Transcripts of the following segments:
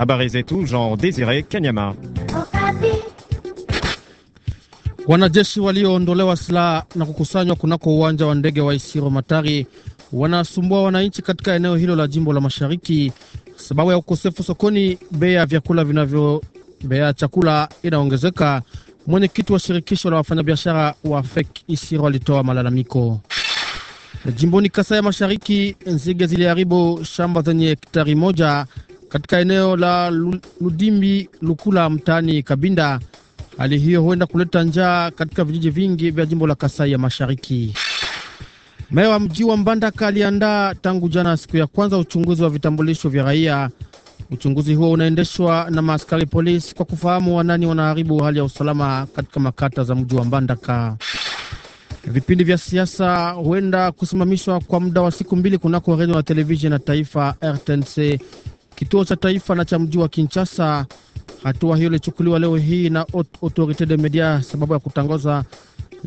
Abarezetu Jean Désiré Kanyama. Wanajeshi walioondolewa silaha na kukusanywa kunako uwanja wa ndege wa Isiro Matari wanasumbua wananchi katika eneo hilo la jimbo la Mashariki sababu ya ukosefu sokoni. Bei ya vyakula vinavyo bei ya chakula inaongezeka. Mwenyekiti wa shirikisho la wafanyabiashara wa FEK Isiro alitoa malalamiko. Jimboni Kasai ya Mashariki, nzige ziliharibu shamba zenye hektari moja katika eneo la Ludimbi Lukula mtaani Kabinda. Hali hiyo huenda kuleta njaa katika vijiji vingi vya jimbo la Kasai ya Mashariki. Meya wa mji wa Mbandaka aliandaa tangu jana, siku ya kwanza, uchunguzi wa vitambulisho vya raia. Uchunguzi huo unaendeshwa na maaskari polisi kwa kufahamu wanani wanaharibu hali ya usalama katika makata za mji wa Mbandaka. Vipindi vya siasa huenda kusimamishwa kwa muda wa siku mbili kunako redio na televisheni ya taifa RTNC kituo cha taifa na cha mji wa Kinshasa. Hatua hiyo ilichukuliwa leo hii na Autorite de Media sababu ya kutangaza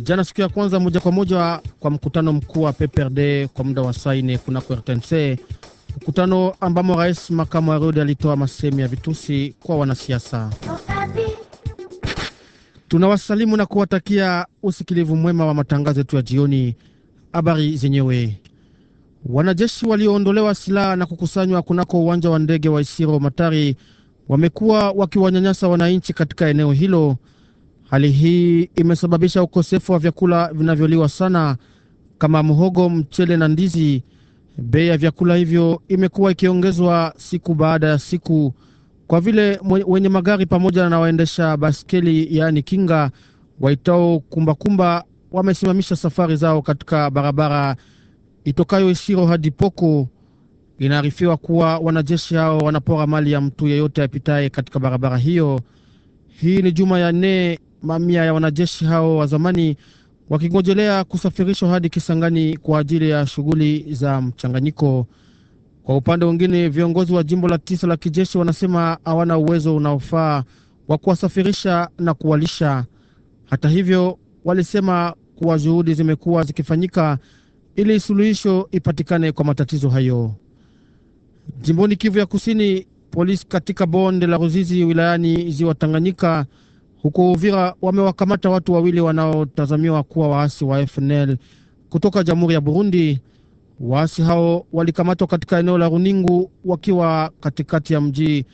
jana siku ya kwanza moja kwa moja kwa mkutano mkuu wa PPRD kwa muda wa saine nne kunako RTNC, mkutano ambamo rais makamu wa Rudi alitoa masemi ya vitusi kwa wanasiasa. Tunawasalimu na kuwatakia usikilivu mwema wa matangazo yetu ya jioni. Habari zenyewe Wanajeshi walioondolewa silaha na kukusanywa kunako uwanja wa ndege wa Isiro Matari wamekuwa wakiwanyanyasa wananchi katika eneo hilo. Hali hii imesababisha ukosefu wa vyakula vinavyoliwa sana kama mhogo, mchele na ndizi. Bei ya vyakula hivyo imekuwa ikiongezwa siku baada ya siku, kwa vile wenye magari pamoja na waendesha baskeli, yaani kinga waitao kumbakumba, wamesimamisha safari zao katika barabara itokayo Isiro hadi Poko. Inaarifiwa kuwa wanajeshi hao wanapora mali ya mtu yeyote apitaye katika barabara hiyo. Hii ni juma ya nne mamia ya wanajeshi hao wa zamani wakingojelea kusafirishwa hadi Kisangani kwa ajili ya shughuli za mchanganyiko. Kwa upande mwingine, viongozi wa jimbo la tisa la kijeshi wanasema hawana uwezo unaofaa wa kuwasafirisha na kuwalisha. Hata hivyo, walisema kuwa juhudi zimekuwa zikifanyika ili suluhisho ipatikane kwa matatizo hayo. Jimboni Kivu ya Kusini, polisi katika bonde la Ruzizi wilayani ziwa Tanganyika huko Uvira wamewakamata watu wawili wanaotazamiwa kuwa waasi wa FNL kutoka Jamhuri ya Burundi. Waasi hao walikamatwa katika eneo la Runingu wakiwa katikati ya mji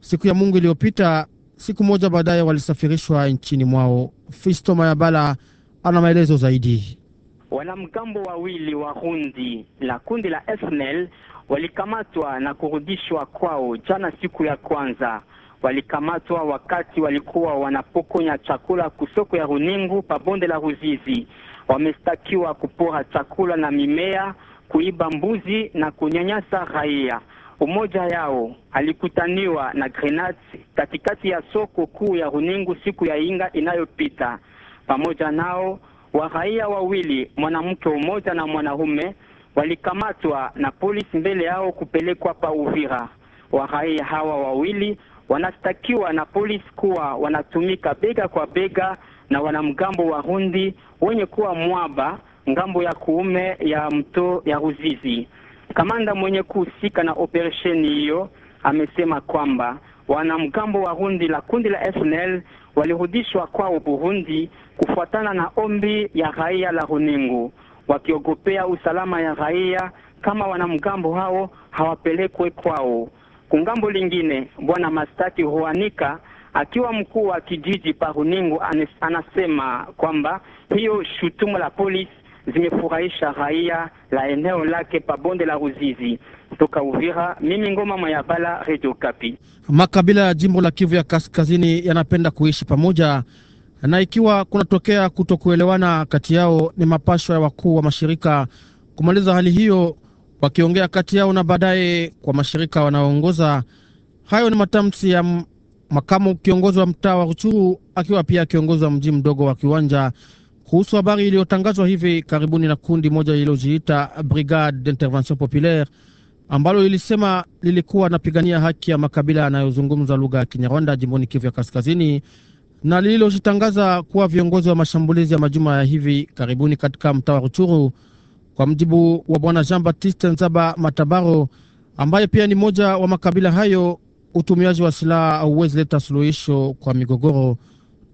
siku ya Mungu iliyopita. Siku moja baadaye walisafirishwa nchini mwao. Fisto Mayabala ana maelezo zaidi. Wanamgambo wawili wa hundi la kundi la SNL walikamatwa na kurudishwa kwao jana, siku ya kwanza. Walikamatwa wakati walikuwa wanapokonya chakula kusoko ya Runingu pabonde la Ruzizi. Wamestakiwa kupora chakula na mimea, kuiba mbuzi na kunyanyasa raia. Umoja yao alikutaniwa na grenade katikati ya soko kuu ya Runingu siku ya inga inayopita. Pamoja nao wa raia wawili, mwanamke mmoja na mwanaume walikamatwa na polisi mbele yao kupelekwa pa Uvira. Wa raia hawa wawili wanastakiwa na polisi kuwa wanatumika bega kwa bega na wanamgambo wa Rundi wenye kuwa Mwaba ngambo ya kuume ya mto ya Ruzizi. Kamanda mwenye kuhusika na operesheni hiyo amesema kwamba wanamgambo wa Rundi la kundi la FNL walirudishwa kwao Burundi kufuatana na ombi ya raia la Runingu, wakiogopea usalama ya raia kama wanamgambo hao hawapelekwe kwao. Kungambo lingine, bwana Mastaki Huanika akiwa mkuu wa kijiji pa Runingu anasema kwamba hiyo shutuma la polisi zimefurahisha raia la eneo lake pa bonde la Ruzizi toka Uvira, mimi Ngoma Mayabala, Radio Kapi. Makabila ya jimbo la Kivu ya Kaskazini yanapenda kuishi pamoja, na ikiwa kunatokea kutokuelewana kati yao, ni mapasho ya wakuu wa mashirika kumaliza hali hiyo, wakiongea kati yao na baadaye kwa mashirika wanaoongoza. Hayo ni matamshi ya makamu kiongozi wa mtaa wa Ruchuru, akiwa pia kiongozi wa mji mdogo wa Kiwanja kuhusu habari iliyotangazwa hivi karibuni na kundi moja lililojiita Brigade d'intervention populaire ambalo lilisema lilikuwa napigania haki ya makabila yanayozungumza lugha ya Kinyarwanda jimboni Kivu ya Kaskazini na lililojitangaza kuwa viongozi wa mashambulizi ya majuma ya hivi karibuni katika mtaa wa Ruchuru. Kwa mjibu wa bwana Jean Baptiste Nzaba Matabaro, ambaye pia ni mmoja wa makabila hayo, utumiaji wa silaha hauwezi leta suluhisho kwa migogoro.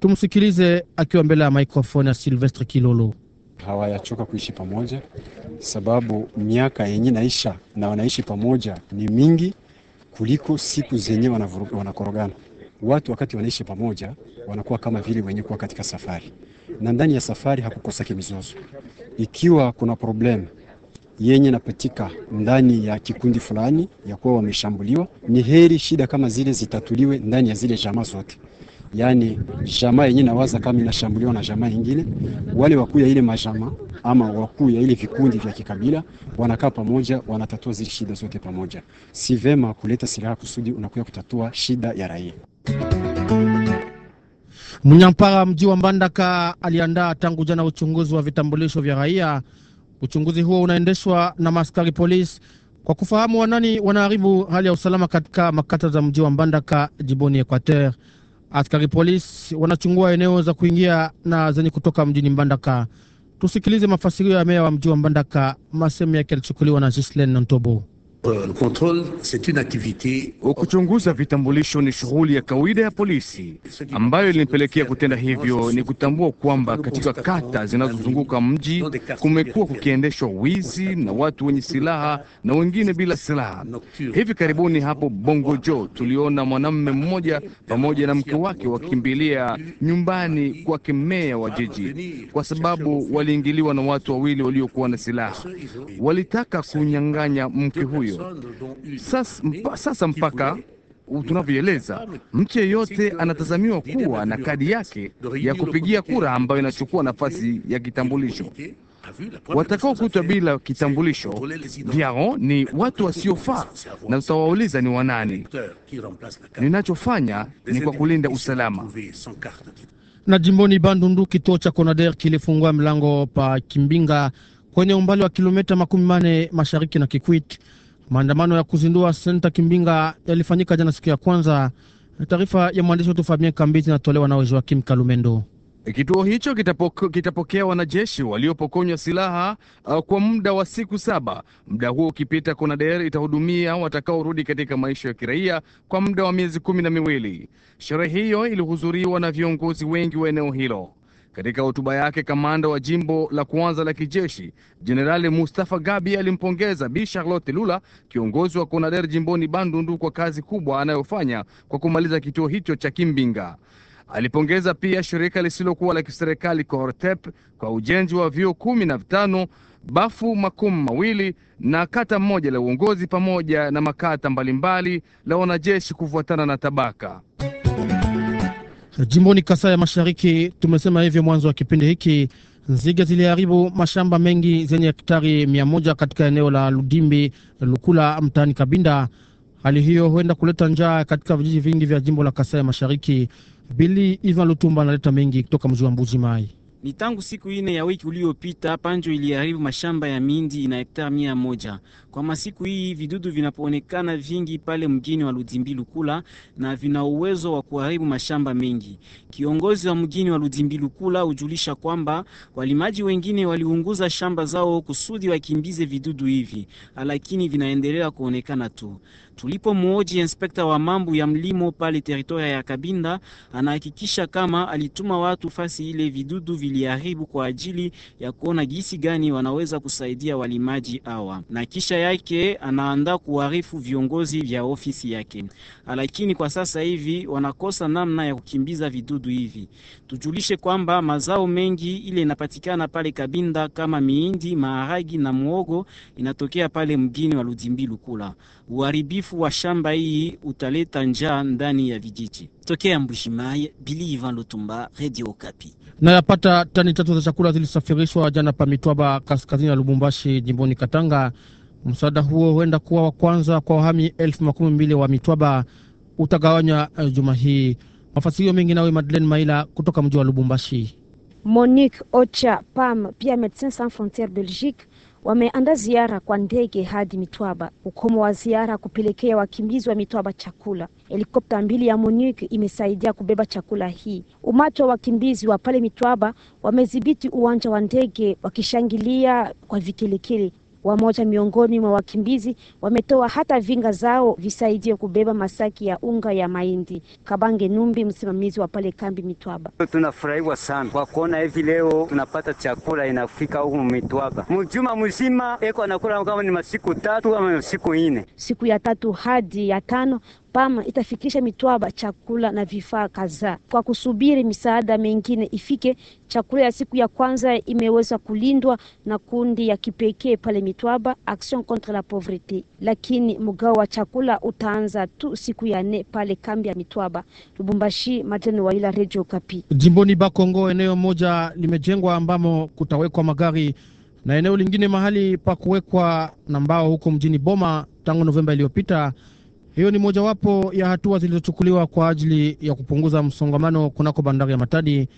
Tumsikilize akiwa mbele ya mikrofoni ya Silvestre Kilolo. Hawayachoka kuishi pamoja sababu miaka yenye naisha na wanaishi pamoja ni mingi kuliko siku zenye wanakorogana. Watu wakati wanaishi pamoja wanakuwa kama vile wenye kuwa katika safari, na ndani ya safari hakukosaki mizozo. Ikiwa kuna problem yenye napatika ndani ya kikundi fulani ya kuwa wameshambuliwa, ni heri shida kama zile zitatuliwe ndani ya zile jamaa zote yani jamaa yenyewe nawaza kama inashambuliwa na jamaa nyingine, wale wakuu ya ile majama ama wakuu ya ile vikundi vya kikabila wanakaa pamoja, wanatatua zile shida zote pamoja. Si vema kuleta silaha kusudi unakuja kutatua shida ya raia. Mnyampara mji wa Mbandaka aliandaa tangu jana uchunguzi wa vitambulisho vya raia. Uchunguzi huo unaendeshwa na maskari polisi kwa kufahamu wanani wanaharibu hali ya usalama katika makata za mji wa Mbandaka, jiboni Equateur. Askari polisi wanachungua eneo za kuingia na zenye kutoka mjini Mbandaka. Tusikilize mafasirio ya meya wa mji wa Mbandaka, masehemu yake yalichukuliwa na Jislen Ntobo. Euh, Kuchunguza vitambulisho ni shughuli ya kawaida ya polisi. Ambayo ilinipelekea kutenda hivyo ni kutambua kwamba katika kata zinazozunguka mji kumekuwa kukiendeshwa wizi na watu wenye silaha na wengine bila silaha. Hivi karibuni hapo Bongojo tuliona mwanamume mmoja pamoja na mke wake wakimbilia nyumbani kwake meya wa jiji kwa sababu waliingiliwa na watu wawili waliokuwa na silaha, walitaka kunyang'anya mke huyo hiyo. Sasa, sasa mpaka tunavyoeleza mtu yeyote anatazamiwa kuwa na kadi yake ya kupigia kura ambayo inachukua nafasi ya kitambulisho. Watakaokutwa bila kitambulisho vyao ni watu wasiofaa, na utawauliza ni wanani. Ninachofanya ni kwa kulinda usalama. Na jimboni Bandundu, kituo cha Konader kilifungua mlango pa Kimbinga kwenye umbali wa kilometa makumi mane mashariki na Kikwit Maandamano ya kuzindua senta Kimbinga yalifanyika jana siku ya kwanza. Taarifa ya mwandishi wetu Fabien Kambizi inatolewa na Kim Kalumendo. Kituo hicho kitapokea wanajeshi waliopokonywa silaha uh, kwa muda wa siku saba. Muda huo ukipita, CONADER itahudumia watakaorudi katika maisha ya kiraia kwa muda wa miezi kumi na miwili. Sherehe hiyo ilihudhuriwa na viongozi wengi wa eneo hilo. Katika hotuba yake, kamanda wa jimbo la kwanza la kijeshi Jenerali Mustafa Gabi alimpongeza Bi Charlotte Lula, kiongozi wa Konader jimboni Bandundu, kwa kazi kubwa anayofanya kwa kumaliza kituo hicho cha Kimbinga. Alipongeza pia shirika lisilokuwa la kiserikali Cohortep kwa ujenzi wa vyuo kumi na vitano bafu makumi mawili na kata moja la uongozi pamoja na makata mbalimbali la wanajeshi kufuatana na tabaka. Jimboni Kasai ya Mashariki, tumesema hivyo mwanzo wa kipindi hiki. Nzige ziliharibu mashamba mengi zenye hektari mia moja katika eneo la Ludimbi Lukula, mtaani Kabinda. Hali hiyo huenda kuleta njaa katika vijiji vingi vya jimbo la Kasai ya Mashariki. Bili Ivan Lutumba analeta mengi kutoka mji wa Mbuji Mai. Ni tangu siku ine ya wiki uliopita panjo iliharibu mashamba ya mindi na hektari mia moja. Kwa masiku hii vidudu vinapoonekana vingi pale mgini wa Ludzimbilukula na vina uwezo wa kuharibu mashamba mengi. Kiongozi wa mgini wa Ludzimbilukula hujulisha kwamba walimaji wengine waliunguza shamba zao kusudi wakimbize vidudu hivi, lakini vinaendelea kuonekana tu. tulipo Tulipomhoji inspekta wa mambo ya mlimo pale teritoria ya Kabinda, anahakikisha kama alituma watu fasi ile vidudu vili iliharibu kwa ajili ya kuona gisi gani wanaweza kusaidia walimaji hawa, na kisha yake anaandaa kuharifu viongozi vya ofisi yake, lakini kwa sasa hivi wanakosa namna ya kukimbiza vidudu hivi. Tujulishe kwamba mazao mengi ile inapatikana pale Kabinda kama miindi, maharagi na muogo inatokea pale mgini wa Ludzimbi Lukula. Uharibifu wa shamba hii utaleta njaa ndani ya vijiji. Tokea Mbujimayi, Bili Ivan Lutumba, Radio Okapi. Nayapata tani tatu za chakula zilisafirishwa jana pa Mitwaba, kaskazini ya Lubumbashi, jimboni Katanga. Msaada huo huenda kuwa wa kwanza kwa wahami elfu makumi mbili wa Mitwaba utagawanywa eh, juma hii. Mafasirio mengi nawe Madeleine Maila kutoka mji wa Lubumbashi. Monique Ocha Pam pia Medecins Sans Frontieres Belgique wameanda ziara kwa ndege hadi Mitwaba. Ukomo wa ziara kupelekea wakimbizi wa Mitwaba chakula. Helikopta mbili ya MONUC imesaidia kubeba chakula hii. Umati wa wakimbizi wa pale Mitwaba wamedhibiti uwanja wa ndege wakishangilia kwa vikilikili. Wamoja miongoni mwa wakimbizi wametoa hata vinga zao visaidie kubeba masaki ya unga ya mahindi. Kabange Numbi, msimamizi wa pale kambi Mitwaba: tunafurahiwa sana kwa kuona hivi leo tunapata chakula inafika huku Mitwaba. Mjuma mzima eko anakula kama ni masiku tatu ama masiku nne Siku ya tatu hadi ya tano PAM itafikisha mitwaba chakula na vifaa kadhaa kwa kusubiri misaada mengine ifike. Chakula ya siku ya kwanza imeweza kulindwa na kundi ya kipekee pale Mitwaba, Action contre la Pauvreté, lakini mgao wa chakula utaanza tu siku ya nne pale kambi ya Mitwaba. Lubumbashi, wa ila Radio Kapi. Jimboni Bakongo, eneo moja limejengwa ambamo kutawekwa magari na eneo lingine mahali pa kuwekwa na mbao huko mjini Boma tangu Novemba iliyopita. Hiyo ni mojawapo ya hatua zilizochukuliwa kwa ajili ya kupunguza msongamano kunako bandari ya Matadi.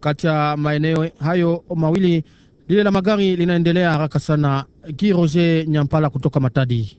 Kati ya maeneo hayo mawili, lile la magari linaendelea haraka sana. Kiroje Nyampala kutoka Matadi.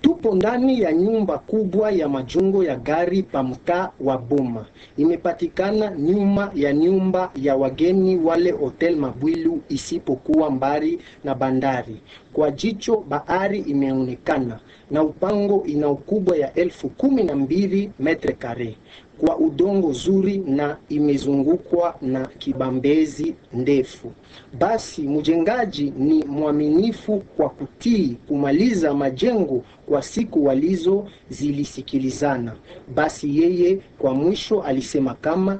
Tupo ndani ya nyumba kubwa ya majungo ya gari pa mtaa wa Boma, imepatikana nyuma ya nyumba ya wageni wale Hotel Mabwilu, isipokuwa mbali na bandari kwa jicho bahari imeonekana na upango ina ukubwa ya elfu kumi na mbili metre kare kwa udongo zuri na imezungukwa na kibambezi ndefu. Basi mjengaji ni mwaminifu kwa kutii kumaliza majengo kwa siku walizo zilisikilizana. Basi yeye kwa mwisho alisema kama